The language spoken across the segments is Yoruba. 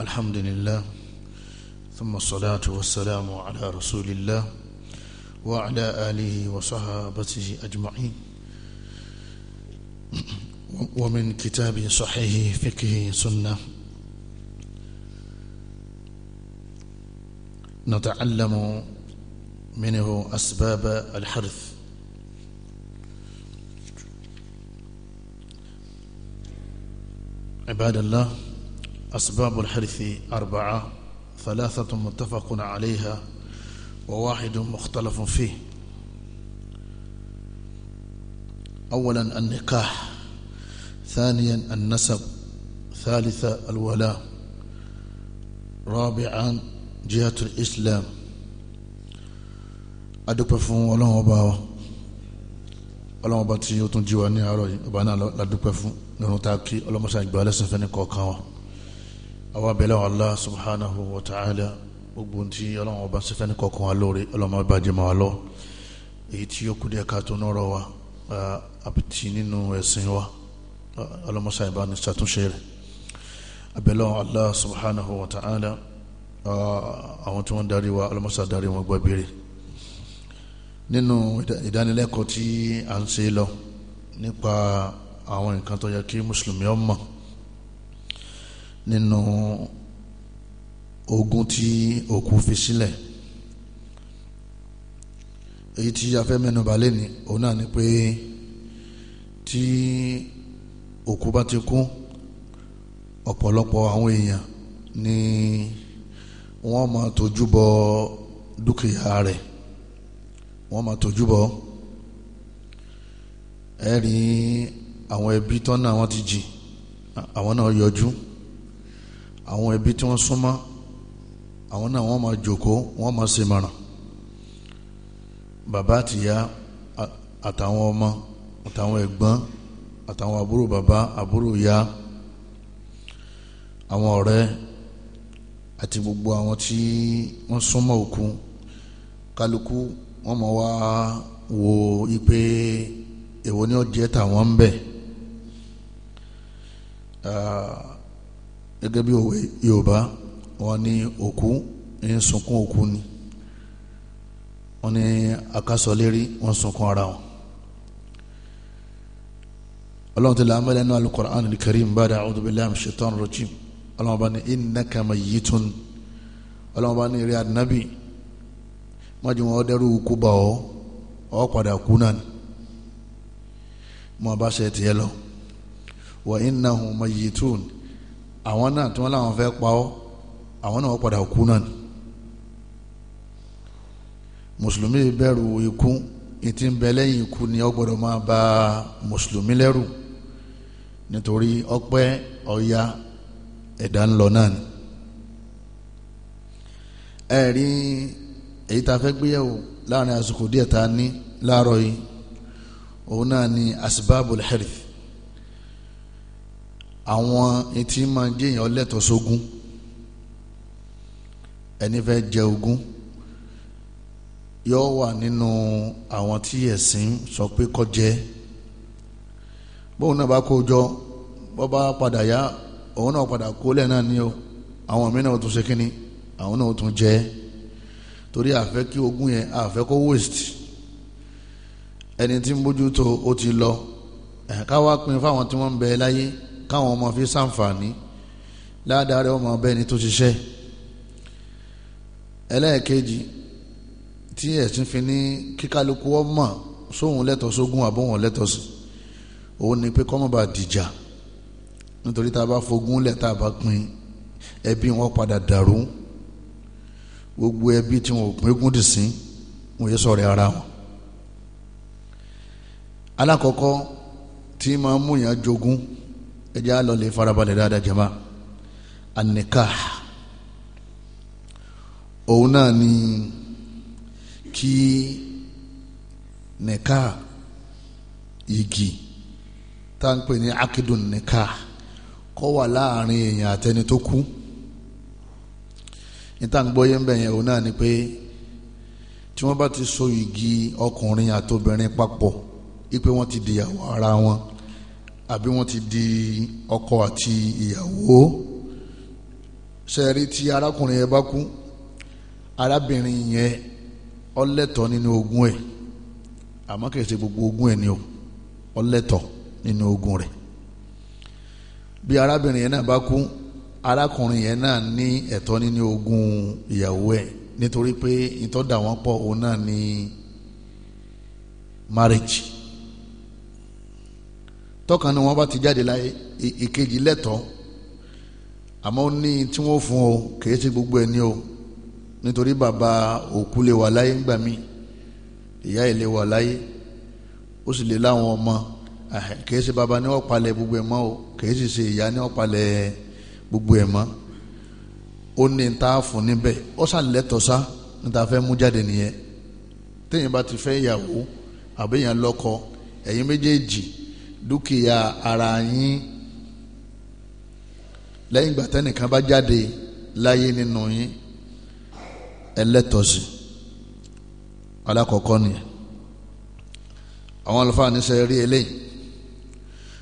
الحمد لله ثم الصلاة والسلام على رسول الله وعلى آله وصحابته أجمعين ومن كتاب صحيح فقه سنة نتعلم منه أسباب الحرث عباد الله أسباب الحرث أربعة ثلاثة متفق عليها وواحد مختلف فيه أولا النكاح ثانيا النسب ثالثا الولاء رابعا جهة الإسلام أدوبفون ولا هو باو ولا هو باتي يوتون جواني بنا لا دوبفون نو تاكي ولا مساج بالاس فني كوكاوا àwa bẹ̀lẹ̀ Allah subhanahu wa ta'ala gbogbo tí ọlọ́run ọba ṣe fẹ́ni kọ̀ọ̀kan wa lórí ọlọ́run ọba jẹ̀mọ́ wa lọ èyí tí ó kú díẹ̀ ká tó nọ́rọ̀ wa àbítí nínú ẹ̀sìn wa ọlọ́mọṣà ìbá ní ṣàtúnṣe rẹ̀ abẹ́lẹ̀ Allah subhanahu wa ta'ala àwọn tí wọ́n darí wa ọlọ́mọṣà darí wọn gbọ́ béèrè nínú ìdánilẹ́kọ̀ọ́ tí à ń ṣe lọ nípa àwọn nǹkan tó yẹ kí mùsùlùmí ó mọ̀ nínú ogún tí òkú fi sílẹ̀ èyí tí a fẹ́ mẹ́nuba lẹ́ni òun náà ni pé tí òkú bá ti kú ọ̀pọ̀lọpọ̀ àwọn èèyàn ni wọ́n máa tójú bọ dúkìá rẹ̀ wọ́n máa tójú bọ ẹ̀rí àwọn ẹbí tán náà wọ́n ti jì àwọn náà yọjú àwọn ẹbí tí wọ́n súnmọ́ àwọn náà wọ́n máa jòkó wọ́n máa ṣe mọ̀ràn bàbá àtìyá àtàwọn ọmọ àtàwọn ẹ̀gbọ́n àtàwọn àbúrò bàbá àbúrò ìyá àwọn ọ̀rẹ́ àti gbogbo àwọn tí wọ́n súnmọ́ òkú kálukú wọ́n máa wá wo ipe èwo ni ó tàwọn ń bẹ̀. Uh, gẹ́gẹ́ bí òwe Yorùbá wọ́n ní òkú ń sunkún òkú ni wọ́n ní akásọ̀lérí wọ́n sunkún ara wọn. ọlọ́run ti làámẹ́ lẹ́nu al-Qur'an al-Karim ba'da a'udhu billahi minash shaitani rajim ọlọ́run bá ní innaka mayyitun ọlọ́run bá ní eré adinabi májú wọn dẹ́rù kú bá ọ ọ padà kú náà ni mo bá ṣe tiẹ̀ lọ wa innahum mayyitun àwọn náà tí wọ́n láwọn fẹ́ pa ọ́ àwọn náà wọ́n padà kú náà ni mùsùlùmí bẹ̀rù ikú ìtì ń bẹ lẹ́yìn ikú ni ó gbọ́dọ̀ máa ba mùsùlùmí lẹ́rù nítorí ọpẹ́ ọ̀ya ẹ̀dá ń náà ni ẹ rí èyí tá a fẹ́ gbéyàwó láàrin àsìkò díẹ̀ tá a ní láàárọ̀ yìí òun náà ni asibabul herif àwọn etí máa ń jẹyàn lẹ́tọ̀ọ́ sógún ẹni fẹ́ jẹ ogún yóò wà nínú àwọn tí ẹ̀sìn sọ pé kó jẹ bóun náà bá kó jọ bó bá padà yá òun náà padà kó lẹ́ẹ̀ náà ni o àwọn mìíràn tún ṣe kínní àwọn náà tún jẹ torí àfẹ́ kí ogún yẹn àfẹ́ kó waste ẹni tí ń bójútó ó ti lọ ẹ̀ka wá pín fáwọn tí wọ́n ń bẹ láyé káwọn ọmọ fi ṣàǹfààní ládàá rẹ̀ ọmọ ọbẹ̀ ni tó ṣiṣẹ́ ẹlẹ́ẹ̀kejì tí ẹ̀sìn fi ní kíkálukú ọmọ sóhun lẹ́tọ̀ọ́ sógun àbóhun lẹ́tọ̀ọ́ sí òun ni pé kọ́mọ̀ bá dìjà nítorí tá a bá fogún lẹ̀ tá bá pín ẹbí wọn padà dàrú gbogbo ẹbí tí wọn ò pín ogún sí wọn yé sọ̀rọ̀ ara wọn. alákọ̀ọ́kọ́ tí máa mú yàn jogún ẹjẹ́ á lọ lè farabalẹ̀ dáadáa jama an òun náà ni kí nikah igi tá à ń pè ní akidun nikah kó wà láàrin èèyàn àtẹni tó kú níta ń gbọ́ yẹn bẹ́ẹ̀ yẹn òun náà ni pé tí wọ́n bá ti so igi ọkùnrin àtobìnrin papọ̀ ipe wọ́n ti dìyàwó ara wọn àbí wọ́n ti di ọkọ àti ìyàwó sẹ́ẹ̀rí tí arákùnrin yẹn bá kú arábìnrin yẹn ọlẹ́tọ̀ nínú ogún ẹ̀ àmọ́ kìí ṣe gbogbo ogún ẹ̀ ni o ọlẹ́tọ̀ nínú ogún rẹ̀ bí arábìnrin yẹn náà bá kú arákùnrin yẹn náà ní ẹ̀tọ́ nínú ogún ìyàwó ẹ̀ nítorí pé ìtọ́dà wọn pọ̀ òun náà ní marriage tọ́kàn ni wọ́n bá ti jáde láyé ìkejì lẹ́tọ̀ọ́ àmọ́ ní tí wọ́n fún o kìí ṣe gbogbo ẹni o nítorí bàbá òkú lè wà láyé ńgbà mí ìyá ẹ̀ lè wà láyé ó sì lè láwọn ọmọ kìí ṣe bàbá ní ó palẹ̀ gbogbo ẹ̀ mọ́ o kìí sì ṣe ìyá ní ó palẹ̀ gbogbo ẹ̀ mọ́ ó ní ta fún níbẹ̀ ó ṣàlẹ́tọ̀ọ́ sá ní ta mú jáde nìyẹn téèyàn bá ti fẹ́ ìyàwó àbẹ́yàn lọ́kọ ẹ̀yin méjèèjì dúkìá ara yín lẹ́yìn ìgbà tẹ́nìkan bá jáde láyé nínú yín ẹlẹ́tọ̀ọ̀sì alákọ̀ọ́kọ́ nìyẹn àwọn àlùfáà ní sẹ́yìn rí eléyìí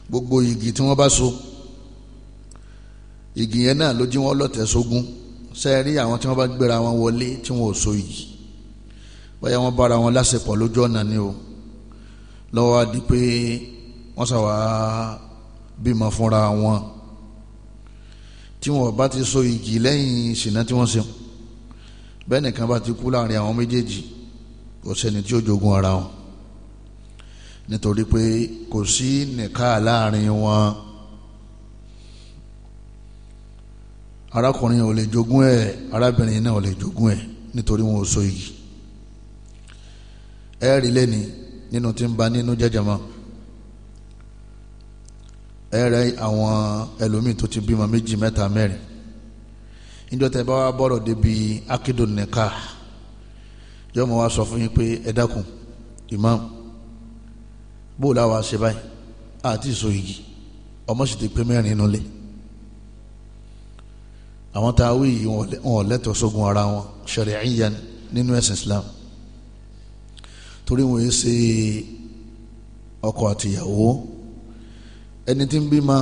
gbogbo igi tí wọ́n bá so igi yẹn náà ló jí wọ́n lọ́tẹ̀ sógun sẹ́yìn rí àwọn tí wọ́n bá gbéra wọn wọlé tí wọ́n ò so yìí bóyá wọ́n bára wọn lásìkò lójú ọ̀nà ni o lọ́wọ́ á pé wọ́n sà wá bímọ fúnra wọn tí wọn bá ti so igi lẹ́yìn ṣìnà tí wọ́n ṣe bẹ́ẹ̀ nìkan bá ti kú láàrin àwọn méjèèjì kò sẹ́ni tí ó jogún ara wọn nítorí pé kò sí nìka láàrin wọn arákùnrin ò lè jogún ẹ arábìnrin náà ò lè jogún ẹ nítorí wọn ò so igi ẹ rí lẹ́ni nínú tí ń ba nínú jẹjẹmọ́. No ẹrẹ àwọn ẹlòmíì tó ti bímọ méjì mẹ́ta mẹ́rin níjọ́ tẹ́ bá wá bọ̀rọ̀ débi akidun nikah jọ wá sọ fún yín pé ẹ dákun imam bó la wàá ṣe báyìí àti ìsọ yìí ọmọ sì ti pé mẹ́rin inú lé àwọn tá a wí yìí wọn ò lẹ́tọ̀ọ́ sógun ara wọn shari'iyan nínú ẹ̀sìn islam torí wọn yìí ṣe ọkọ àtìyàwó ẹni tí ń bímọ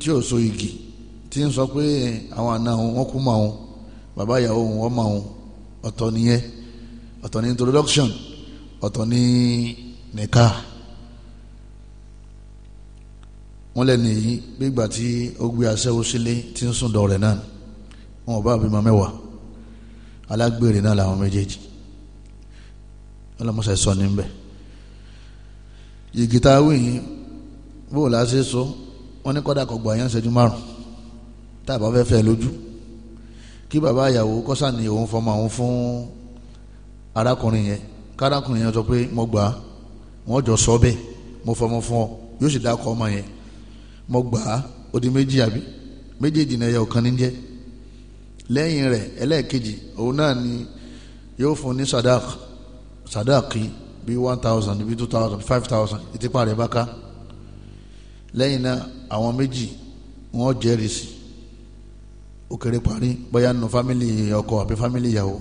tí ò so igi tí ń sọ pé eh, àwọn àna òun wọn kú mọ òun bàbá ìyàwó òun wọn mọ òun ọ̀tọ̀ nìyẹn ọ̀tọ̀ ní introduction ọ̀tọ̀ ní nìka wọn lẹ́nu yìí gbígbà tí ó gbé aṣẹ́wó sílé tí ń sùn dọ̀rẹ̀ náà wọn ò bá bímọ mẹ́wàá alágbèrè náà làwọn méjèèjì ọlọ́mọṣẹ́ sọ níbẹ̀ yìgìtà wíyìn bóò la ṣe sọ wọn ní kọ́dà kọ́gbà yẹn ṣẹ́jú márùn tá a bá fẹ́ fẹ́ lójú kí bàbá ìyàwó kọ́sà ní òun fọmọ òun fún arákùnrin yẹn kárákùnrin yẹn sọ pé mo gbà á wọn jọ sọ bẹ́ẹ̀ mo fọmọ fún ọ yóò sì dákọ ọmọ yẹn mo gbà á ó di méjì àbí méjèèjì náà yẹ ọ̀kan ní jẹ́ lẹ́yìn rẹ̀ ẹlẹ́ẹ̀kejì òun náà ni yóò fún ní sadak sadaki bíi one thousand bíi two thousand five thousand ìtìpá rẹ̀ bá ká lẹ́yìn náà àwọn méjì wọ́n jẹ́rìí sí ó kéré parí bóyá nù fámìlì ọkọ àbí fámìlì ìyàwó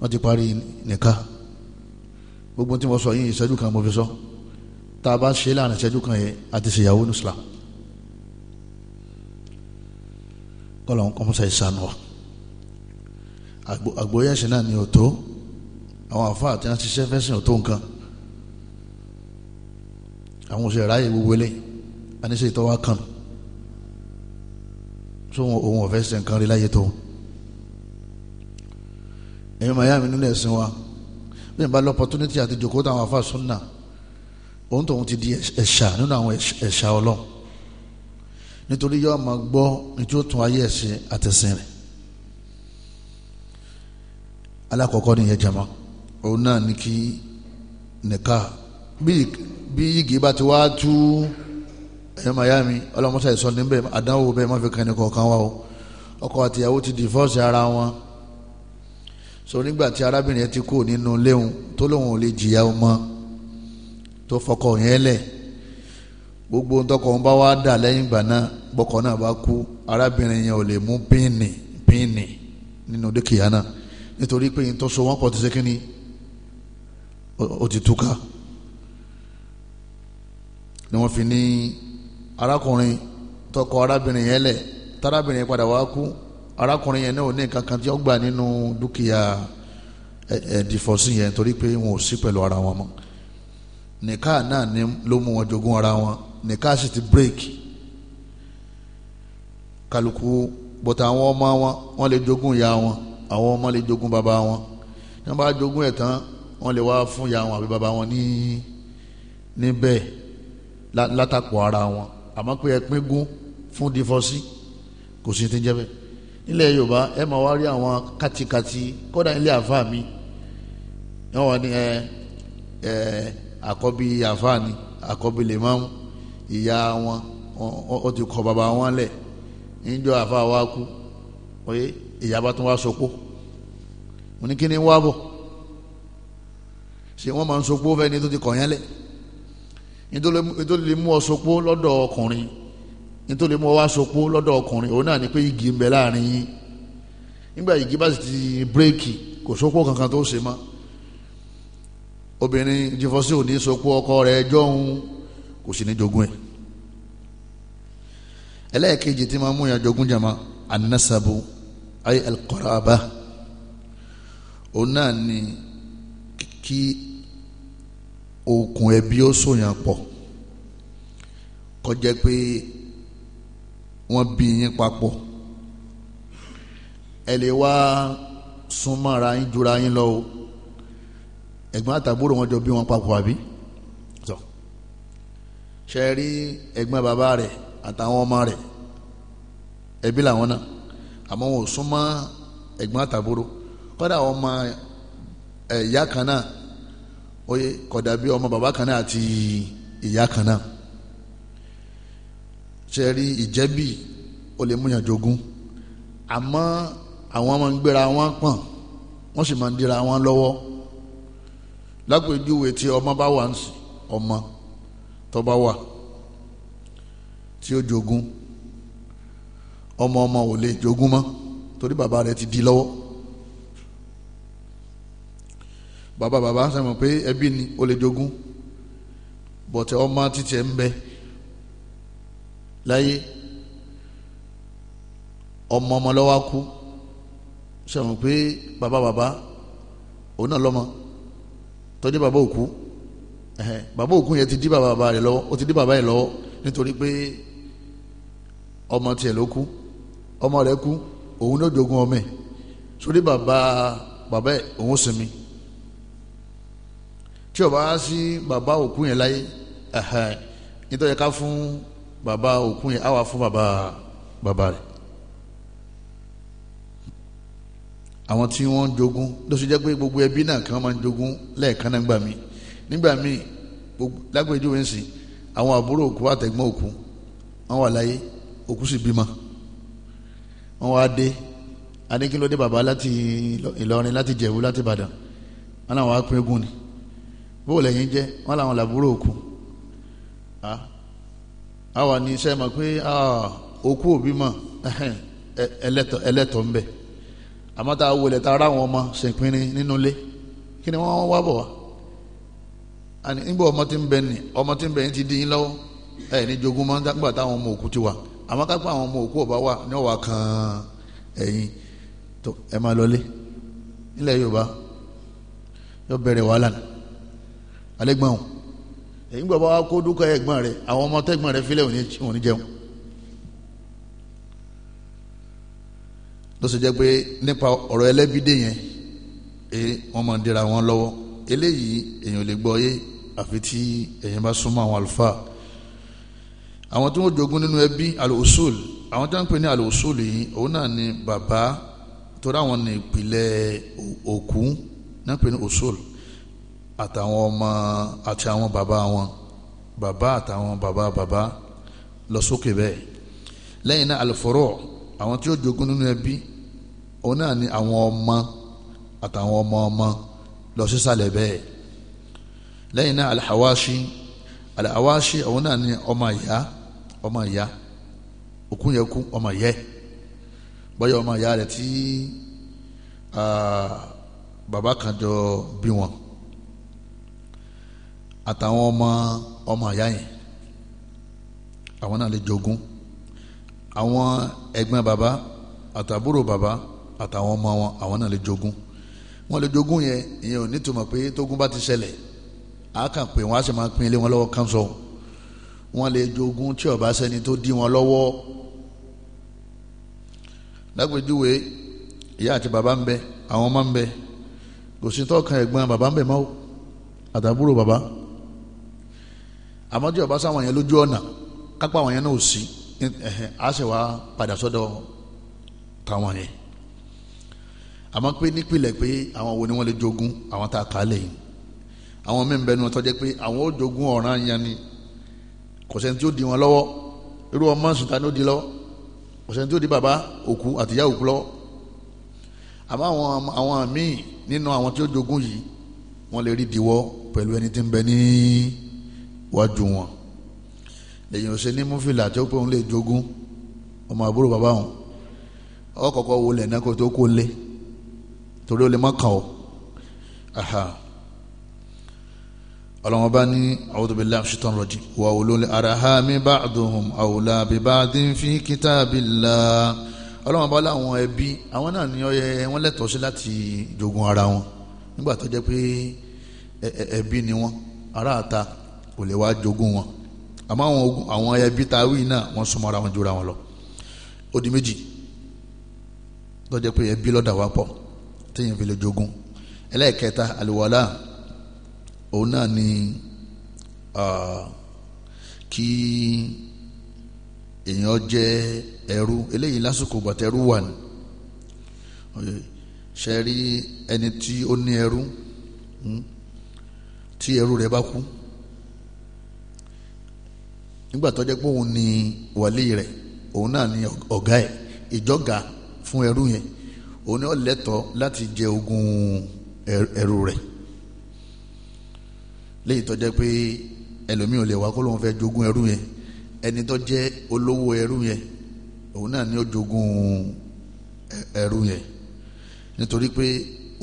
wọ́n ti parí nìka gbogbo tí mo sọ yìí ìṣẹ́jú kan mo fi sọ tá a bá ṣe láàrin ìṣẹ́jú kan yẹn àti ṣèyàwó ní Islam kọ́lọ̀ ń kọ́mọ́sá ìsànù wa àgbóyẹ̀sìn náà ni ò tó àwọn àfáà tí wọ́n ti ṣiṣẹ́ fẹ́sìn ò tó nǹkan àwọn òṣèré ráyè gbogbo ilé aníṣe ìtọ́wá kan tó òun ọ̀fẹ́ ṣe nǹkan rí láyé tó èmi màá yá mi nílẹ̀ ẹ̀sìn wa bí n bá lọ opportunity àti jòkó táwọn afa sunna òun tóun ti di ẹ̀ṣà nínú àwọn ẹ̀ṣà ọlọ́run nítorí yóò máa gbọ́ nítorí ó tún ayé ẹ̀sìn àtẹ̀sìn rẹ̀ alákọ̀ọ́kọ́ nìyẹn jama òun náà ní kí nìka bíi bí yìgì bá ti wá tú ẹ̀yọ́ màyá mi ọlọ́mọṣà ìsọ níbẹ̀ àdánwò bẹ́ẹ̀ má fi kan ẹni kọ̀ọ̀kan wa o ọkọ àtìyàwó ti divorce ara wọn so nígbà tí arábìnrin yẹn ti kú nínú léwu tó lóun ò lè jìyà ọmọ tó fọkọ yẹn lẹ̀ gbogbo ntọkọ ń bá wa dà lẹ́yìn ìgbà náà bọ́kọ náà bá kú arábìnrin yẹn ò lè mú pínì pínì nínú dúkìá náà nítorí pé ntọ́sọ wọn kọ́ ti ṣe ó ti túká ni wọ́n fi ní arákùnrin tọkọ arábìnrin yẹn lẹ̀ tárábìnrin yẹn padà wá kú arákùnrin yẹn náà ò ní nǹkan kan tí ó gbà nínú dúkìá ẹ̀ẹ́dìfọ́sí yẹn torí pé wọn ò sí pẹ̀lú ara wọn mọ́ nìka náà ni ló mú wọn jogún ara wọn nìka sì ti bírèkì kálukú bọ̀tà àwọn ọmọ wọn wọn lè jogún ìyá wọn àwọn ọmọ lè jogún bàbá wọn tí wọn bá jogún ẹ̀ tán wọn lè wá fún ìyá wọn àbí bàbá wọn ní níbẹ̀ látàpọ̀ ara wọn àmọ́ pé ẹ pín gún fún dífọ́sí kò sí ti jẹ́ bẹ́ẹ̀ nílẹ̀ Yorùbá ẹ máa wá rí àwọn kátikati kódà nílẹ̀ àfa mi wọ́n wà ní ẹ ẹ àkọ́bí àfa ni àkọ́bí lè máa ń ìyá wọn ó ti kọ bàbá wọn lẹ̀ níjọ́ àfa wa kú oye ìyá bá tún wá sopó mo ní kí ni wá bọ̀ ṣé wọ́n máa ń sopó fẹ́ni tó ti kọ̀ yẹn lẹ̀ nítorí lè mú ọ sopó lọ́dọ̀ ọkùnrin nítorí lè mú ọ wá sopó lọ́dọ̀ ọkùnrin òun náà ni pé igi ń bẹ láàrin yín nígbà igi bá sì ti bírèkì kò sopó kankan tó ṣe mọ́ obìnrin jífọ́sí ò sopó ọkọ rẹ̀ jọ́hún kò sì ní jogún ẹ̀ ẹlẹ́ẹ̀kejì tí máa mú yàn jogún jama anasabu ayé alqaraba òun náà ni kí okùn ẹbí ó sòyàn pọ̀ kọjá pé wọ́n bí yín papọ̀ ẹ lè wá súnmọ́ra yín jura yín lọ o ẹ̀gbọ́n àtàbúrò wọn jọ bí wọn papọ̀ àbí tọ́ ṣe rí ẹ̀gbọ́n bàbá rẹ̀ àtàwọn ọmọ rẹ̀ ẹbí làwọn náà àmọ́ wọn ò súnmọ́ ẹ̀gbọ́n àtàbúrò kọ́dà ọmọ ẹ̀yà kan náà oye kódà bí ọmọ bàbá kan náà àti ìyá kan náà ṣe rí ìjẹ́bí ó lè múyàn jogún àmọ́ àwọn máa ń gbéra wọn pọ̀n wọ́n sì máa ń dira wọn lọ́wọ́ lápèjúwe tí ọmọ bá wà ń sìn ọmọ tó bá wà tí ó jogún ọmọ ọmọ ò lè jogún mọ́ torí bàbá rẹ̀ ti di lọ́wọ́ Baba bàbá sẹ́mi pé ẹbí ni ó lè jogún bọ̀tẹ̀ ọmọ títí ẹ̀ ń bẹ láyé ọmọ ọmọ lọ́wọ́ kú sẹ́mi pé baba bàbá òun náà lọ́mọ tọ́jú bàbá òkú bàbá òkú yẹn ti dí bàbá bàbá rẹ̀ lọ́wọ́ ó ti dí bàbá yẹn lọ́wọ́ nítorí pé ọmọ tiẹ̀ ló kú ọmọ rẹ̀ kú òun ló jogún ọmọ ẹ̀ sórí bàbá bàbá ẹ̀ òun sinmi tí o bá sí bàbá òkú yẹn láyé nítorí ká fún baba. òkú yẹn á wà fún bàbá bàbá rẹ̀ àwọn tí wọ́n ń jogún ló sì jẹ́ pé gbogbo ẹbí náà kí wọ́n máa ń jogún lẹ́ẹ̀kan náà gbà mí nígbà míì lágbèjúwe ń sìn àwọn àbúrò òkú àtẹ̀gbọ́n òkú wọ́n wà láyé òkú sì bímọ wọ́n wá dé adékínlódé bàbá láti Ìlọrin láti Jẹ̀bú láti Ìbàdàn wọn náà wàá pín ogún ni bóò lẹ́yìn jẹ́ wọ́n làwọn làbúrò òkú àwa ah, ní iṣẹ́ mọ̀ pé òkú ah, òbí mọ̀ ẹlẹ́tọ̀ ẹlẹ́tọ̀ ń bẹ àmọ́ tá a wọlé tá a rá àwọn ọmọ ṣèpinrin nínú ilé kí ni wọ́n wá bọ̀ wá àní nígbà ọmọ tí ń bẹ ní ọmọ tí ń bẹ ti dín lọ́wọ́ ẹ̀ ọmọ òkú ti wà àmọ́ ká pé àwọn ọmọ òkú ọba wà ní ọ̀wà kan ẹ̀yìn ẹ máa lọlé Yorùbá yóò bẹ̀rẹ̀ wàhálà ni alẹ́gbọ̀n o èyí gbọ́ bá wa kó dúkọ̀ ẹ̀gbọ́n rẹ àwọn ọmọ tẹ́gbọ́n rẹ filẹ̀ wọn ní jẹun ló sì jẹ́ pé nípa ọ̀rọ̀ ẹlẹ́bídé yẹn ee wọ́n máa ń dira wọn lọ́wọ́ eléyìí èèyàn lè gbọ́ yé àfi tí èèyàn bá súnmọ́ àwọn àlùfáà àwọn tí wọ́n jogún nínú ẹbí al àwọn tí wọ́n ń pè ní al yìí òun náà ni bàbá tó dáwọn ní ìpìlẹ̀ òkú náà pè ní usul àtàwọn ọmọ àti àwọn bàbá wọn bàbá àtàwọn bàbá bàbá lọ sókè bẹ́ẹ̀ lẹ́yìn náà àlùfọ́rọ̀ àwọn tí ó jogún nínú ẹbí òun náà ni àwọn ọmọ àtàwọn ọmọ ọmọ lọ sísàlẹ̀ bẹ́ẹ̀ lẹ́yìn náà alhawashi alhawashi òun náà ni ọmọ ìyá ọmọ ìyá òkun yẹ kú ọmọ yẹ bọ́yá ọmọ ìyá rẹ̀ tí ah, bàbá kan jọ bí wọn àtàwọn ọmọ ọmọ àyá yẹn àwọn náà lè jogún àwọn ẹ̀gbọ́n baba àtàbúrò bàbá àtàwọn ọmọ wọn àwọn náà lè jogún wọn lè jogún yẹn ìyẹn ò ní túmọ̀ pé tógún bá ti ṣẹlẹ̀ àá kàn pé wọn á sì máa pín ilé wọn lọ́wọ́ kánsọ̀ wọn lè jogún tí ó bá sẹ́ni tó dí wọn lọ́wọ́ lágbèjúwe ìyá àti bàbá ń bẹ àwọn ọmọ ń bẹ kò sí tọ́ka ẹ̀gbọ́n bàbá ń bẹ mọ́ àtàbúrò bàbá àmọ́ tí ọba sáwọn yẹn lójú ọ̀nà kápá àwọn yẹn náà ò sí á sì wá padà sọ́dọ̀ táwọn yẹn àmọ́ pé nípìnlẹ̀ pé àwọn wo ni wọ́n lè jogún àwọn tá a kà á lẹ́yìn àwọn mí bẹnu tó jẹ́ pé àwọn ò jogún ọ̀ràn yẹn ni kò sẹ́ni tí ó di wọn lọ́wọ́ irú ọmọ sùtá ni ó di lọ́wọ́ kò sẹ́ni tí ó di bàbá òkú àtìyá òkú lọ́wọ́ àmọ́ àwọn àwọn míì nínú àwọn tí ó jogún yìí wọ́n lè rí diwọ́ pẹ̀lú ẹni tí ń bẹ ní. Ni wájú wọn lẹ́yìn òsè ní múfìlà tí ó pé òun lè jogún ọmọ àbúrò bàbá òun ọkọ̀ọ̀kọ̀ wo lẹ̀ náà kó tó kó lé torí ó lè má kàn ó ọlọ́wọ́n bá ní a'udhu billahi shaitan rajim wa ulul arhami ba'duhum awla bi ba'din fi kitabillah ọlọ́wọ́n bá láwọn ẹbí àwọn náà ní ọyẹ wọn lẹ́tọ̀ọ́ sí láti jogun ara wọn nígbà tó jẹ́ pé ẹbí ni wọ́n ará kò lè wá jogún wọn àmọ́ àwọn ogun àwọn ẹbí tá a wí náà wọ́n súnmọ́ ara wọn jura wọn lọ ó di méjì lọ́jọ́ pé ẹbí lọ́dà wá pọ̀ téèyàn fi lè jogún ẹlẹ́ẹ̀kẹta àlùwàlà òun náà ni kí èèyàn jẹ́ ẹrú eléyìí lásìkò bàtẹ́rú wà ní ṣe rí ẹni tí ó ní ẹrú hmm. tí ẹrú rẹ̀ bá kú nígbà tó jẹ́ pé òun ni wàlí rẹ̀ òun náà ni ọ̀gá ẹ̀ ìjọ́ga fún ẹrú yẹn òun ni ó lẹ́tọ̀ọ́ láti jẹ ogún ẹrú rẹ̀ léyìí tó jẹ́ pé ẹlòmíì ò lè wá kó lóun fẹ́ jogún ẹrú yẹn ẹni tó jẹ́ olówó ẹrú yẹn òun náà ni ó jogún ẹrú yẹn nítorí pé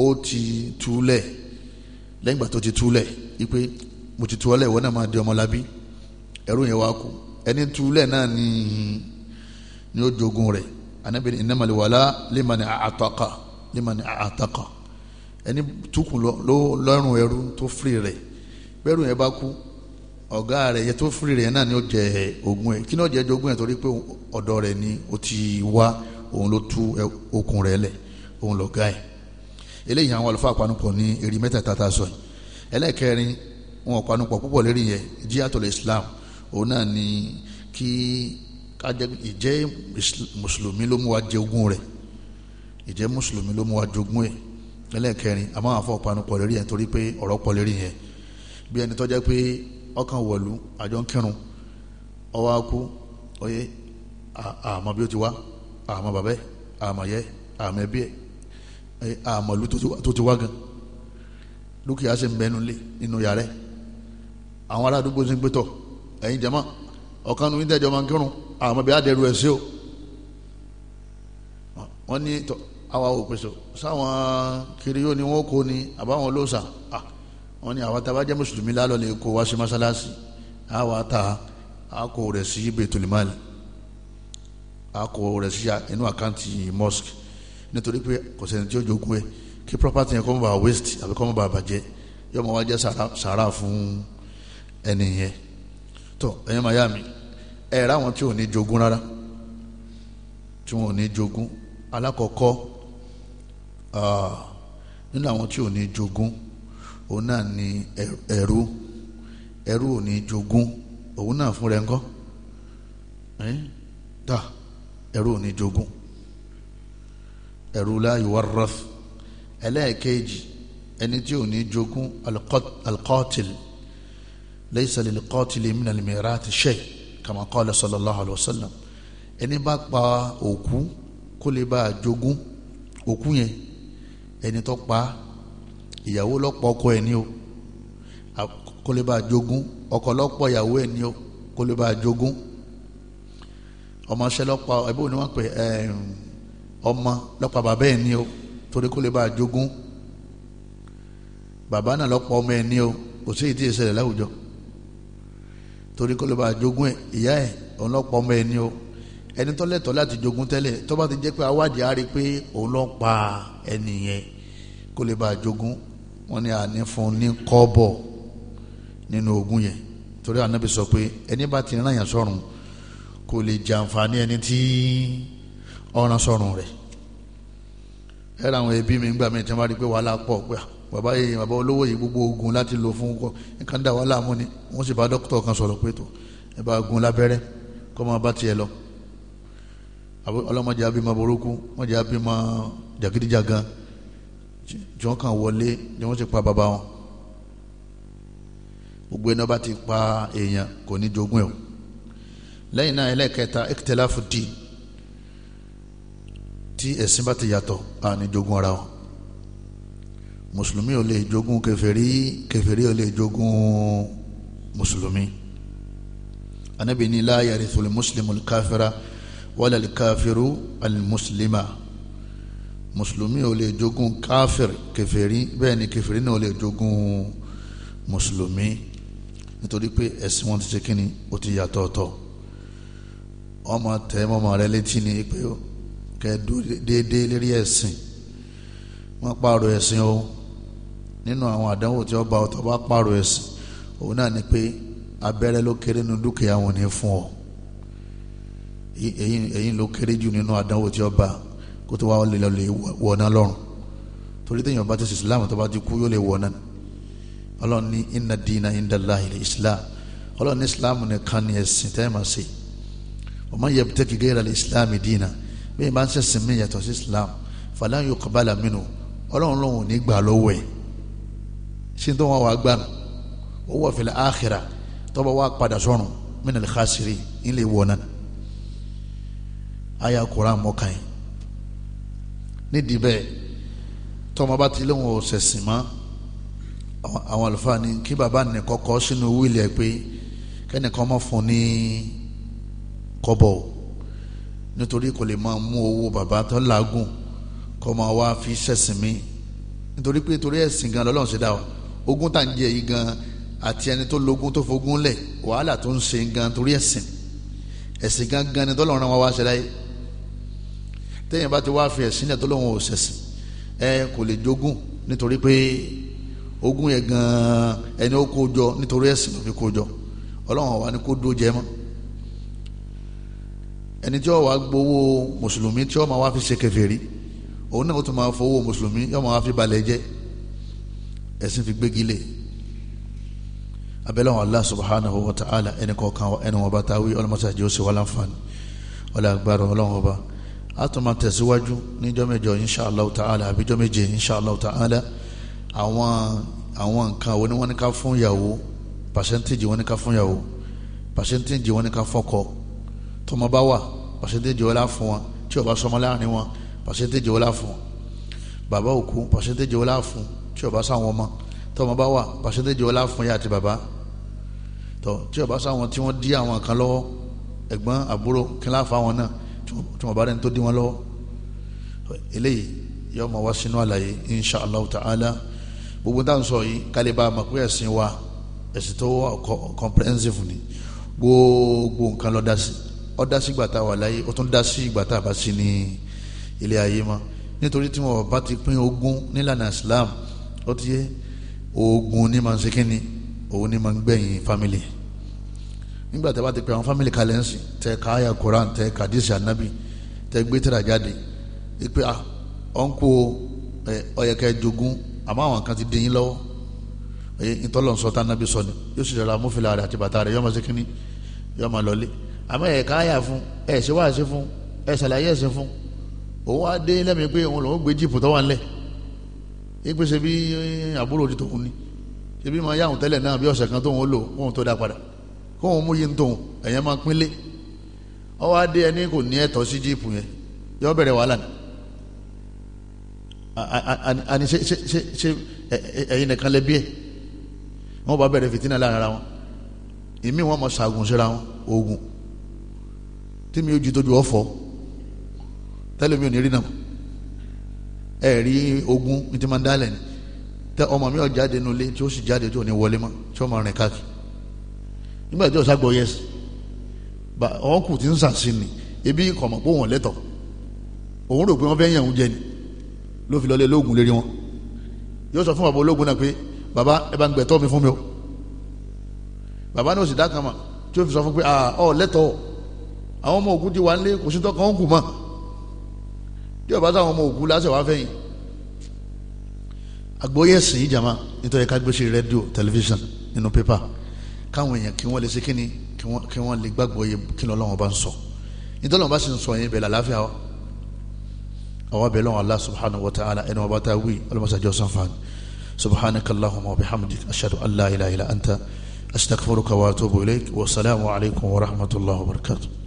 ó ti túlẹ̀ lẹ́yìn ìgbà tó ti túlẹ̀ wípé mo ti tú ìwọ náà máa di ọmọlábí ẹrú yẹn wá kú ẹni túlẹ̀ náà ni ni ó jogun rẹ̀ anabi ni innamal wala limani a'ataqa limani a'ataqa ẹni tukùn lọ́rùn ẹrú tó firi rẹ̀ bẹ́ẹ̀rù yẹn bá kú ọ̀gá rẹ̀ yẹ tó firi rẹ̀ náà ni ó jẹ ogún ẹ̀ kí ni ó jẹ jogún ẹ̀ torí pé ọ̀dọ̀ rẹ̀ ni ó ti wá òun ló tú okùn rẹ̀ lẹ̀ òun lọ̀gá ẹ̀ eléyìí àwọn àlùfáà panupọ̀ ní èrì mẹ́tẹ̀ẹ̀ta ta sọ yìí ẹlẹ́ẹ̀kẹrin wọn panupọ̀ púpọ̀ lérí yẹn jíyàtọ̀ lè Islam òun náà ni kí kájẹ ìjẹ́ mùsùlùmí ló mú wa jẹ ogún rẹ̀ ìjẹ́ mùsùlùmí ló mú wa jogún ẹ̀ ẹlẹ́ẹ̀kẹrin àmọ́ àwọn afọ́panu pọ̀ lórí yẹn torí pé ọ̀rọ̀ pọ̀ lórí yẹn bí ẹni tó jẹ́ pé ọkàn wọ̀lú àjọ ń kírun ọwọ́ akú oyè àmọ́ bí ó ti wá àmọ́ bàbẹ́ àmọ́ yẹ àmọ́ ẹbí ẹ̀ àmọ́ ìlú tó ti wá gan dúkìá sì ń bẹnu lé nínú yàrá àwọn ará àdúgbò ń gbé tọ̀ ẹ̀yin jama ọ̀kan nu ìdẹ́jọ́ máa ń kírun àmọ́ bí adẹ́rù ẹ̀ sí o wọ́n ní tọ́ àwa ò pèsè sáwọn kiri yóò ní wọ́n kó ni àbáwọn olóòsà wọ́n ní àwa tábàjẹ́ mùsùlùmí lálọ́ lè kó wá sí mọ́sálásí àwa ta àkó rẹ̀ sí bẹ́tùlímàlì àkó rẹ̀ sí inú àkáǹtì mosque nítorí pé kò sẹ́ni tí ó jogún ẹ̀ kí property yẹn kọ́ mọ́ bá waste àbí kọ́ mọ́ bá bàjẹ́ yọ́mọ wá jẹ́ sàrà fún ẹni yẹn tó ẹ̀yin màá yá mi ẹ̀ rà wọn tí ò ní jogún rárá tí wọn ò ní jogún alákọ̀ọ́kọ́ nínú àwọn tí ò ní jogún òun náà ni ẹ̀rú ẹ̀rú ò ní jogún òun náà fún rẹ̀ ńkọ́ tá ẹ̀rú ò ní jogún ẹ̀rú la yuwarrath ẹlẹ́ẹ̀kejì ẹni tí ò ní jogún alqatil. ليس للقاتل من min شيء كما قال صلى الله عليه وسلم. wa sallam ẹni bá pa òkú kó lè bá a jogún òkú yẹn ẹni tó pa ìyàwó lọ́pọ̀ ọkọ ẹni o kó lè bá a jogún ọkọ lọ́pọ̀ ìyàwó ẹni o kó lè bá a jogún ọmọọṣẹ́ lọ́pọ̀ ẹbí òní wọ́n pè ẹ ọmọ lọ́pọ̀ bàbá ẹni o torí kó lè bá a jogún bàbá náà lọ́pọ̀ ọmọ ẹni o kò sí ìdí ìṣẹ̀lẹ̀ láwùjọ torí kó lè bá jogún ẹ̀ ìyá ẹ̀ òun lọ pọ̀ ọmọ ẹ̀ ni o ẹni tó lẹ́tọ̀ọ́ láti jogún tẹ́lẹ̀ tó bá ti jẹ́ pé awádìí á rí i pé òun ẹni yẹn kó lè bá jogún wọn ni àní fún ní kọ́bọ̀ nínú ogún yẹn torí ànábì sọ pé ẹni bá ti rán yàn sọ́run kò lè jàǹfààní ẹni tí ọ̀ràn sọ́run rẹ̀ ẹ̀rọ àwọn ẹbí mi gbà mí tí wọ́n rí i pé wàhálà pọ̀ pé à bàbá yìí bàbá olówó yìí gbogbo oògùn láti lò fún kọ nǹkan dà wá láàmú ni wọ́n sì bá dókítà kan sọ̀rọ̀ pé tó ẹ bá gun lábẹ́rẹ́ kọ́ máa bá tiẹ̀ lọ ọlọ́mọdé abímọ burúkú mọ̀jẹ̀ abímọ jàgídíjàgan jọ kan wọlé ni wọ́n sì pa bàbá wọn gbogbo iná bá ti pa èèyàn kò ní jogún ẹ̀ o lẹ́yìn náà ẹlẹ́kẹta ikhtilafu din tí ẹ̀sìn bá ti yàtọ̀ àní jogún ara wọn mùsùlùmí ò lè jogún kèfèrí kèfèrí ò lè jogún mùsùlùmí anabi ní la yarithul muslimu káfíra wala káfíru alimuslima mùsùlùmí ò lè jogún káfír kèfèrí bẹ́ẹ̀ ni kèfèrí náà ò lè jogún mùsùlùmí nítorí pé ẹ̀sìn wọn ti ṣe kínni ó ti yàtọ̀ ọ̀tọ̀ ọmọ tẹ ọmọ rẹ létí ni pé kẹ déédéé lérí ẹ̀sìn wọ́n pààrọ̀ ẹ̀sìn o nínú àwọn àdánwò tí ó bá bá pààrọ̀ ẹ̀sìn òun náà ni pé abẹ́rẹ́ ló kéré nínú dúkìá wọn ní fún ọ èyí ló kéré jù nínú àdánwò tí ó bá kó tó wá lè lọ lè wọ̀ náà lọ́rùn torí téèyàn bá ti sè islam tó bá ti kú yóò lè wọ̀ náà ọlọ́run ní inna dina inda Allahi al-islam ọlọ́run ní islam nìkan ni ẹ̀sìn tẹ́ ẹ̀ máa ṣe ọmọ yẹ bìtẹ́kì gẹ́gẹ́ rẹ̀ islam dina bẹ́ẹ̀ bá ń ṣẹ̀sìn mí yàtọ̀ sí islam falan yuqbala minhu ọlọ́run lòun ò ní gbà lọ́wọ́ ẹ̀ ṣe tó wọn wà gbànú ó wọ fìlà àkìrà tọ́ba wà padà sọ́run mínà lè xaṣiri ilé wọ̀ náà àyà kóra mọ́kàn yìí nídìí bẹ́ẹ̀ tọ́mọ bá ti léwọn ọ̀sẹ̀ sìn mọ́ àwọn àlùfáà ni kí bàbá nì kọ́kọ́ sínú wíìlì ẹ̀ pé kẹ́nìkan mọ̀ fún ní kọ́bọ̀ nítorí kò lè máa mú owó bàbá tó làágùn kọ́ máa wá fi ṣẹ̀sìn mí nítorí pé torí ẹ̀sìn gan lọ́lọ́run ṣe dá ogún tá à ń jẹ yìí gan àti ẹni tó lógún tó fogún lẹ̀ wàhálà tó ń ṣe gan torí ẹ̀sìn ẹ̀sìn gan gan ni tọ́lọ́run náà wá wá ṣe láyé bá ti wá fi ẹ̀sìn lẹ̀ tọ́lọ́run ò ṣẹ̀sìn ẹ kò lè jogún nítorí pé ogún yẹn gan ẹni ó kó jọ nítorí ẹ̀sìn ló fi kó jọ ọlọ́run wa ni kó dó jẹ mọ́ ẹni tí ó wàá gbowó mùsùlùmí tí ó máa wá fi ṣe kèfèrí òun náà ó tún máa fowó mùsùlùmí yóò máa wá fi balẹ̀ jẹ́ ẹ̀sìn fi gbégi lé abẹ́lẹ́ wọn Allah subhanahu wa ta'ala ẹni kọ̀ọ̀kan ẹni wọn bá ta wí ọlọ́mọṣẹ́ àjẹ́ òsì wà láǹfààní ọlọ́ agbára ọlọ́wọ́n ọba a tún máa tẹ̀síwájú níjọ́ mẹ́jọ inshallah ta'ala àbíjọ́ méje inshallah ta'ala àwọn àwọn nǹkan wo ni wọ́n ní ká fún ìyàwó pàṣẹ́ntéèjì wọ́n ní ká fún ìyàwó pàṣẹ́ntéèjì wọ́n ní ká fọ́kọ tọmọ bá wà pàṣẹ́ntéèjì wọ́n lá fún wọn tí ó bá sọmọ láàrin wọn pàṣẹ́ntéèjì wọ́n lá fún bàbá òkú pàṣẹ́ntéèjì wọ́n lá fún tí o bá sáwọn ọmọ tọmọ bá wà pàṣẹtẹjì ọlá fún yá àti bàbá tọ tí o bá sáwọn tí wọ́n dí àwọn kan lọ́wọ́ ẹ̀gbọ́n àbúrò kílá fáwọn náà tí wọ́n bá rẹni tó dí wọn lọ́wọ́ eléyìí yóò máa wá sínú àlàyé insha allah ta'ala gbogbo táwọn sọ yìí kálí bá a mọ̀ pé ẹ̀sìn wa ẹ̀sìn tó wà comprehensive ni gbogbo nǹkan ló dá sí ó dá sí ìgbà tá a wà láyé ó tún dá sí ìgbà bá sí ní ilé ayé mọ́ nítorí tí wọn bá ti pín ogún nílànà islam ó ti yé oògùn ní ma ń ṣe kínni òun ní ma gbẹ̀yìn family nígbà tẹ́ bá ti pe àwọn family kalẹ́ǹsì tẹ káyà koran tẹ kàdísì ànábì tẹ gbé tẹ̀rà jáde ipe ah, a ọ̀nkó ọ̀yẹ̀kẹ́ jogún àmọ́ àwọn kan ti dín yín lọ́wọ́ ẹ ntọ́lọ́nsọ tá ànábì sọ ni yóò sì rẹ̀ amúfilà rẹ̀ àti bàtà rẹ̀ yọ́ọ́ ma se kínni yọ́ọ́ ma lọ́lé àmọ́ ẹ̀ káyà fún ẹ̀ ṣe wá fún ẹ̀ ṣàlàyé ẹ̀ ṣe fún òun á dé lẹ́mìí pé òun lòún gbé jíìpù tó wà ńlẹ̀ ìpè ṣe bí eh, àbúrò ti tòun ni ṣe bí máa yáhùn tẹ́lẹ̀ náà bí ọ̀sẹ̀ kan tóun ó lò kóun tó dá padà kóun mú yín tóun ẹ̀yẹ́ máa pínlẹ̀ ọwọ́ adé ẹni kò ní ẹ̀tọ́ sí jíìpù yẹn yọ bẹ̀rẹ̀ wàhálà ni a ṣe ṣe ṣe ṣe ẹ̀yin nìkan lẹ́bí ẹ̀ wọ́n bá bẹ̀rẹ̀ fìtínà láàrin ara wọn ìmí wọn mọ̀ ṣàgùn síra wọn oògùn tí mi ò ju tójú ọ̀fọ̀ tẹ́lẹ̀ mi ò ní rí náà ẹ̀rí ogun ní ti máa ń dálẹ̀ ni tẹ ọmọ mi ò jáde nulẹ̀ tí ó sì jáde tí ò ní wọlé mọ́ tí ó máa rìn káàkiri nígbà tí ọ̀sá gbọ́ yẹsì bá ọ̀nkù ti ń sàǹsìn ni ebi kọ̀mọ̀ pé òun lẹ́tọ̀ òun rò pé wọ́n fẹ́ yàn òun jẹ ni ló fi lọlé lóògùn lérí wọn yóò sọ fún bàbá ológun náà pé bàbá ẹ bá ń gbẹ̀tọ́ mi fún mi o bàbá náà sì dá kan mà tí ó fi sọ fún pé ọ̀ lẹ́tọ̀ àwọn ọmọ ògùn ti wà ń lé kò kan ó kù mọ́ tí ọba táwọn ọmọ òkú lásìkò wá fẹ́yìn agbóyè sìn yìí jama nítorí ká gbé sí rédíò tẹlifíṣàn nínú pépà káwọn èèyàn kí wọ́n lè ṣe kíni kí wọ́n lè gbàgbọ́ yẹ kí lọ́wọ́ bá ń sọ nítorí wọn bá sì ń sọ yẹn bẹ̀rẹ̀ àláfíà wa àwọn bẹ̀rẹ̀ lọ́wọ́ Allah subhanahu wa ta'ala ẹni wọn bá ta wí ọlọ́mọṣájọ́ sanfàní subhanaka allahumma wa bihamdik ashhadu an la ilaha illa anta astaghfiruka wa atubu ilayk wa salaamu alaykum wa rahmatullahi wa barakatuh.